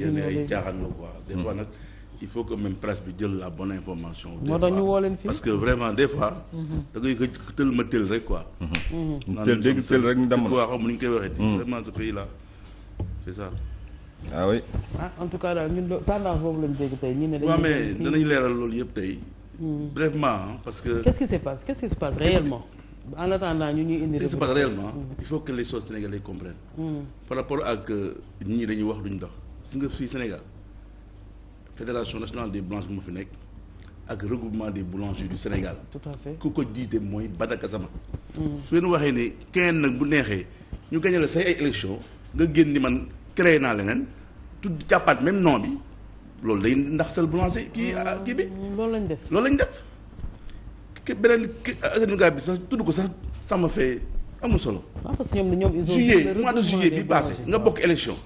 yenn ay caaxaan la quoi des fois hmm. nag il faut que même presse bi jël la bonne information. moo tax ñu woo leen fii parce que vraiment des fois. Hmm. da ngay ma tël rek quoi. Hmm. tël dégg tël rek ñu dem loolu yëpp tey. brèvement parce que. qu' se passe qu' se passe réellement. par rapport ak euh, ñii dañuy wax duñ dox. si nga fii Sénégal fédération nationale des boulangers moo fi nekk ak regroupement de boulangers du Sénégal. tout à fait ku ko jiite mooy Badaka Sama. Hmm. su leen waxee ne kenn nag bu neexee ñu gagné la say ay élection nga génn ni man créé naa leneen tudd jàppaat même nom bi loolu day ndax sal boulanger kii hmm. ah, kii bi. loolu lañ def loolu lañ def. ki beneen ki Sénégal bi sax tudd ko sa sama fee amul solo. waaw ah, parce que ñoom ñoom ils ont bi passé nga bokk élection.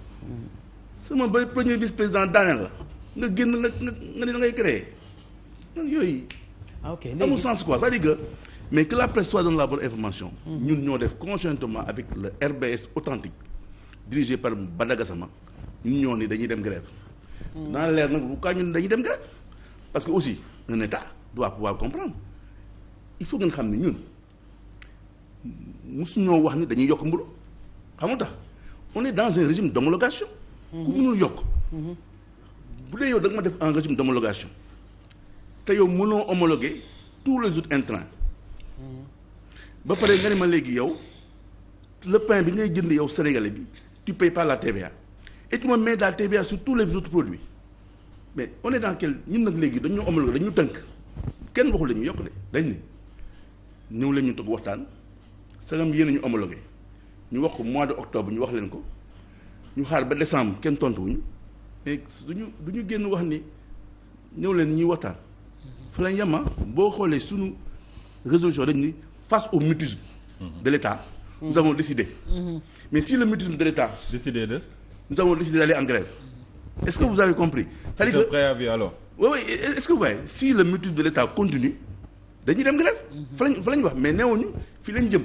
sama ba premier vice président daane la nga génn nga nga ni da ngay créer yooyu. Ah, ok amul sens quoi cest à que mais que la presse soit donne la information. Hmm. ñun ñoo def conjointement avec le RBS authentique dirigé par Badaga Sama ñun ñoo ni dañuy dem grève. dans hmm. leer nag bu kaa ñun dañuy dem grève parce que aussi un état doit pouvoir comprendre il faut ngeen xam ne ñun mosuñoo wax ni dañuy yokk mburu xam nga tax on est dans un régime d'homologation ku mënul yokk bu dee yow da ma def un régime d'homologation te yow mënoo homologuer tous les autres intrants ba pare nga ne ma léegi yow le pain bi ngay jënd yow sénégalais bi tu par la TVA et tu me mets la TVA sur tous les autres produits mais on est dans ñun nag léegi dañu homologué dañu tënk kenn waxul la ñu yokk de dañ ni ñëw leen ñu toog waxtaan sagam yéen ñu homologué ñu wax ko mois de octobre ñu wax leen ko ñu xaar ba décembre kenn tontuwuñu mais ñu du ñu génn wax ni ñëw leen ñuy waxtaan fa lañ yema ah, boo xoolee suñu résolution dañ ni face au mutisme de l'État nous avons décidé mais si le mutisme de l'État décidé de nous avons décidé d'aller en grève est-ce que vous avez compris cest à que préavis alors oui oui est-ce que vous voyez si mutisme de l'État continue dañuy dem grève fa lañ fa lañ wax mais neewuñu fii lañ jëm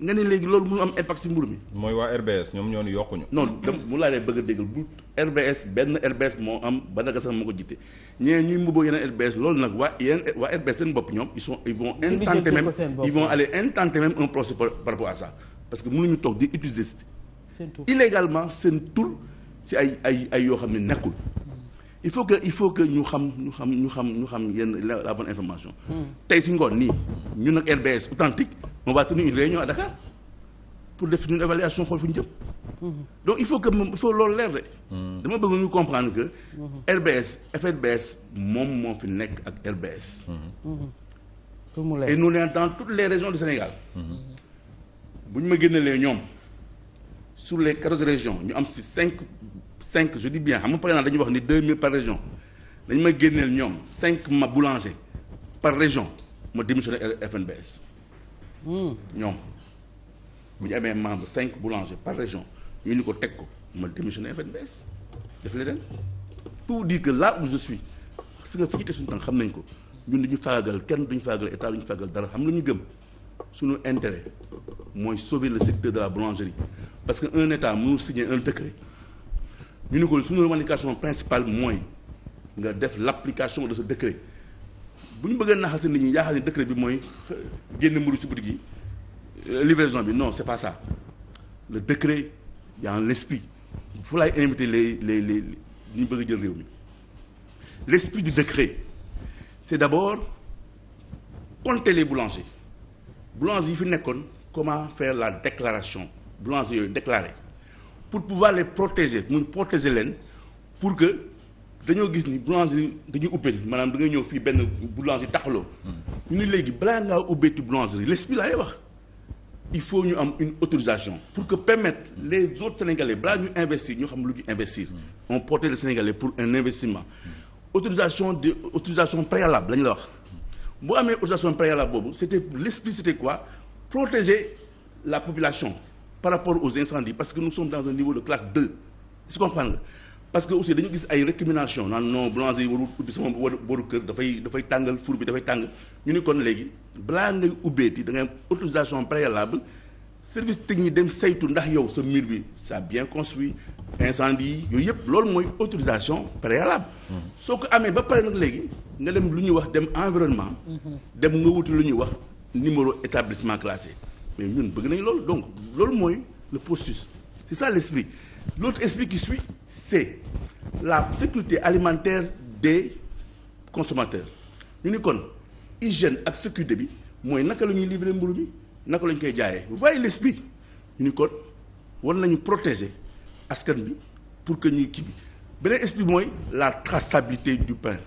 nga ne léegi loolu mënu am impact si mburu mi. mooy waa RBS ñoom ñoo ni yokkuñu. non dem mu laa lay bëgg a déggal bu RBS benn RBS moo am ba naka sax moo ko jiite ñeneen ñuy mbubboo yeneen RBS loolu nag waa yéen waa RBS seen bopp ñoom ils sont ils vont intenter même ils vont aller intenter même un procès par rapport à ça parce que mënuñu toog illégalement seen tour si ay ay ay yoo xam ne nekkul il faut que il faut que ñu xam ñu xam ñu xam ñu xam yenn la bonne information hmm. tey si ngoon nii ñun nag RBS authentique on pour def ñu jëm. donc il que il faut loolu leer dama bëgg ñu que. RBS FRBS moom moo fi nekk ak RBS. pour mu leer et toutes les régions du Sénégal. bu ñu ma génnelee ñoom sur les quatorze régions ñu am ci cinq cinq je dis bien xam nga par exemple dañuy wax ni deux mille par région dañu ma génneel ñoom cinq ma boulanger par région ma démissionné FNBS. ñoom bu ñu amee membre cinq boulanger par région ñu ni ko teg ko ma démissionné FNBS def leneen pour dire que là où je suis parce que fi ñu teg xam nañ ko ñun duñu faagal kenn duñu faagal état duñu faagal dara xam la ñu gëm suñu intérêt mooy sauver le secteur de la boulangerie parce que un état mënul signer un décret ñu ni ko suñu revendication principale mooy nga def l'application de ce décret bu ñu bëggee naxal seen nit ñi yaakaar ne décret bi mooy génn mburu si guddi gi euh, livraison bi non c'est pas ça le décret y a un esprit fu laay invité les les les ñu bëgg jël réew mi l'esprit du décret c'est d'abord compter les boulangers boulangers yi fi nekkoon comment faire la déclaration boulangers yooyu déclarer pour pouvoir les protéger mu protéger leen pour que dañoo gis ni boulangerie dañuy ubbeeti maanaam da ngay ñëw fii benn boulangerie taxaloo ñu ne léegi balaa ngaa ubbeeti boulangerie l'esprit laay wax il faut ñu am une autorisation pour que permettre les autres sénégalais balaa ñu investir ñoo xam lu ñu investir on porte les sénégalais pour un investissement autorisation de autorisation préalable la ñu la wax boo amee autorisation préalable boobu c'était l'esprit c'était quoi protéger la population par rapport aux incendies parce que nous sommes dans un ce que parce que aussi dañu gis ay récrimination naan non boulanger yi warul ubbi sama war waru kër dafay dafay tàngal four bi dafay tàng ñu ni kon léegi balaa ngay ubbeeti da ngay am autorisation préalable service technique dem saytu ndax yow sa miir bi ça bien construit incendie yooyu yëpp loolu mooy autorisation préalable hmm. soo ko amee ba pare nag léegi nga dem lu ñuy wax dem environnement hmm. dem nga wuti lu ñuy wax numéro établissement classé mais ñun bëgg nañu loolu donc loolu mooy le processus c'est ça l'esprit L'autre esprit qui suit, c'est la sécurité alimentaire des consommateurs ñu ni kon hygiène ak sécurité bi mooy naka la ñuy livrer mburu mi naka la koy jaayee vous voyez l'esprit ñu ni kon war nañu protéger askan bi pour que ñu kii beneen esprit mooy la traçabilité du pain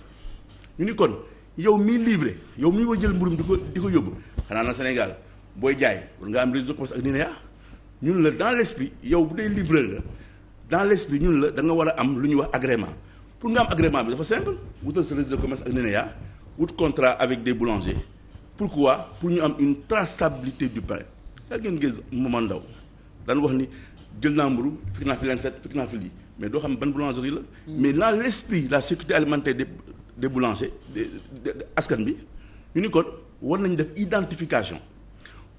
ñu ni kon yow miy livrer yow mii war jël mburu mi di ko di ko yóbbu xanaa na Sénégal booy jaay war nga am réseau de commerce ak NINEA ñun la dans l'esprit yow bu dee livreur nga dans l'esprit ñun la da nga war a am lu ñuy wax agrément pour nga am agrément bi dafa simple wutal sa registre de commerce ak NENA wut contrat avec des boulangers pourquoi pour ñu am une traçabilité du pain yaa ngeen gis moment ndaw daan wax ni jël naa mburu fekk naa fi lancette fekk naa fi lii mais doo xam ban boulangerie la hmm. mais dans l'esprit la sécurité alimentaire des des boulangers des askan bi ñu ni kon war nañ def identification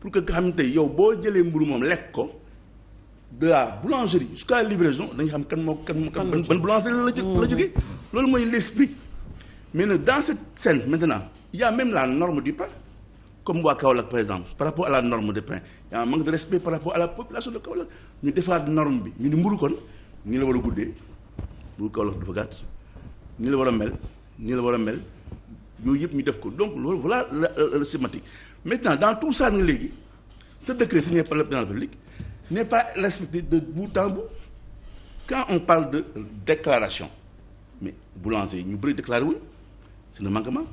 pour que nga xam ne tey yow boo jëlee mburu moom lekk ko de la boulangerie jusqu'à la livraison dañu xam kan moo kan kan ban boulangerie la jóg la jógee loolu mooy l'esprit mais nag dans cette scène maintenant il y a même norme di par comme waa Kaolack par exemple par rapport à la norme de pain y a de respect par rapport à la population de Kaolack ñu defaat norme bi ñu ni mburu kon nii la war a guddee mburu Kaolack dafa gàtt nii la war a mel nii la war a mel yooyu yëpp ñu def ko donc loolu voilà la la dans tout ça nag léegi ce n'est pas respectée de bout en bout quand on parle de déclaration mais boulanger ñu bëri déclaré wuñ c'est un manquement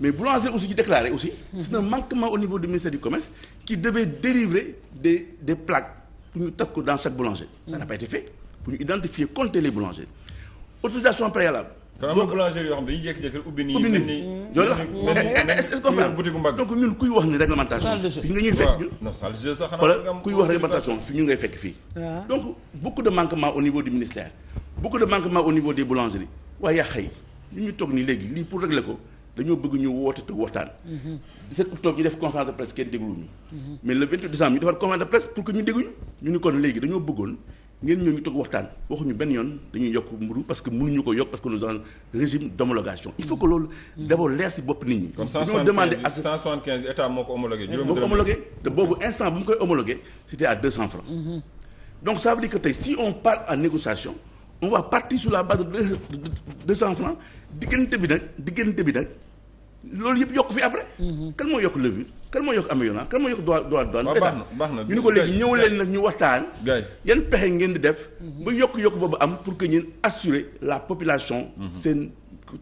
mais boulanger aussi ñu déclaré aussi c'est un manquement au niveau du ministère du commerce qui devait délivrer des des plaques pour ñu taf ko dans chaque boulanger ça n'a pas été fait pour ñu identifier compter les boulangers autorisation préalable kon am na boulangerie yoo xam dañuy jékki-jékki ubbi nii ubbi nii mm. donc ñun kuy wax ni réglementation fi nga ñuy fekk fii donc beaucoup de manquement au niveau du ministère beaucoup de manquement au niveau des boulangeries waaye yaa xëy ñu ñu toog nii léegi lii pour régler ko dañoo bëgg ñu woote te waxtaan 17 mhm. octobre ñu def conférence de presse kenn dégluñu mhm. mais le 28 décembre ñu defaat conférence de presse pour que ñu dégluñu ñu ni kon léegi dañoo bëggoon ngeen ñoo ñu toog waxtaan waxuñu benn yoon dañuy yokk mburu parce que mënuñu ko yokk parce que nous avons un régime d'homologation il faut que loolu d'abord leer si bopp nit ñi ko homologué moo ko homologué te boobu instant bu mu mhm. tey si on part en négociation on va partir sur la base de 200 francs diggante bi nag diggante bi nag loolu yëpp yokk fi après mhm. kan moo yokk levure kan moo yokk américain ah, kan moo yokk droit droit douane baax na baax na ñu ni ko léegi ñëw leen nag ñu waxtaan yan pexe ngeen di def ba mhm. yokk-yokk boobu am pour que ñeen assurer la population mhm. seen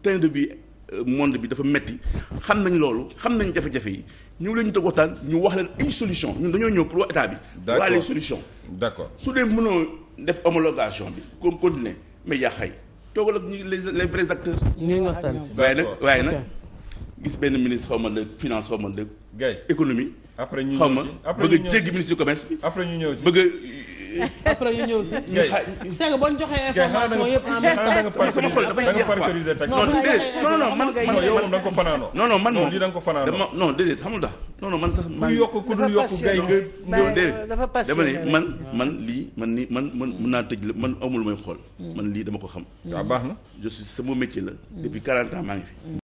train de vie euh, monde bi dafa metti xam nañ loolu xam nañ jafe-jafe yi ñu leen ñu toog waxtaan ñu wax leen ay solution ñun dañoo ñëw pour wax état bi waa les solutions d'accord su dee mënoo def homologation bi comme continuer mais yaa xay toogal ak ñu les vrais acteurs waaye nag waaye nag gis benn ministre xaw ma de finance xaw ma de gay économie. après ñu ñëw ci xaw ma bëgg a jéggi ministre du bi. après ñu ñëw ci bëgg a. après ñu ñëw ci. gay c'est que boo ñu joxee information yëpp sama xol dafay jeex quoi da nga non non man man yow moom da man moom lii da nga ko fanaanoo dama non déedéet xamul da non man sax. maa yokk ku yokk gay nga. dafa ne man man lii man ni man man naa tëj la man amul may xool. man lii dama ko xam. baax na je sama métier la. depuis 40 ans maa ngi fi.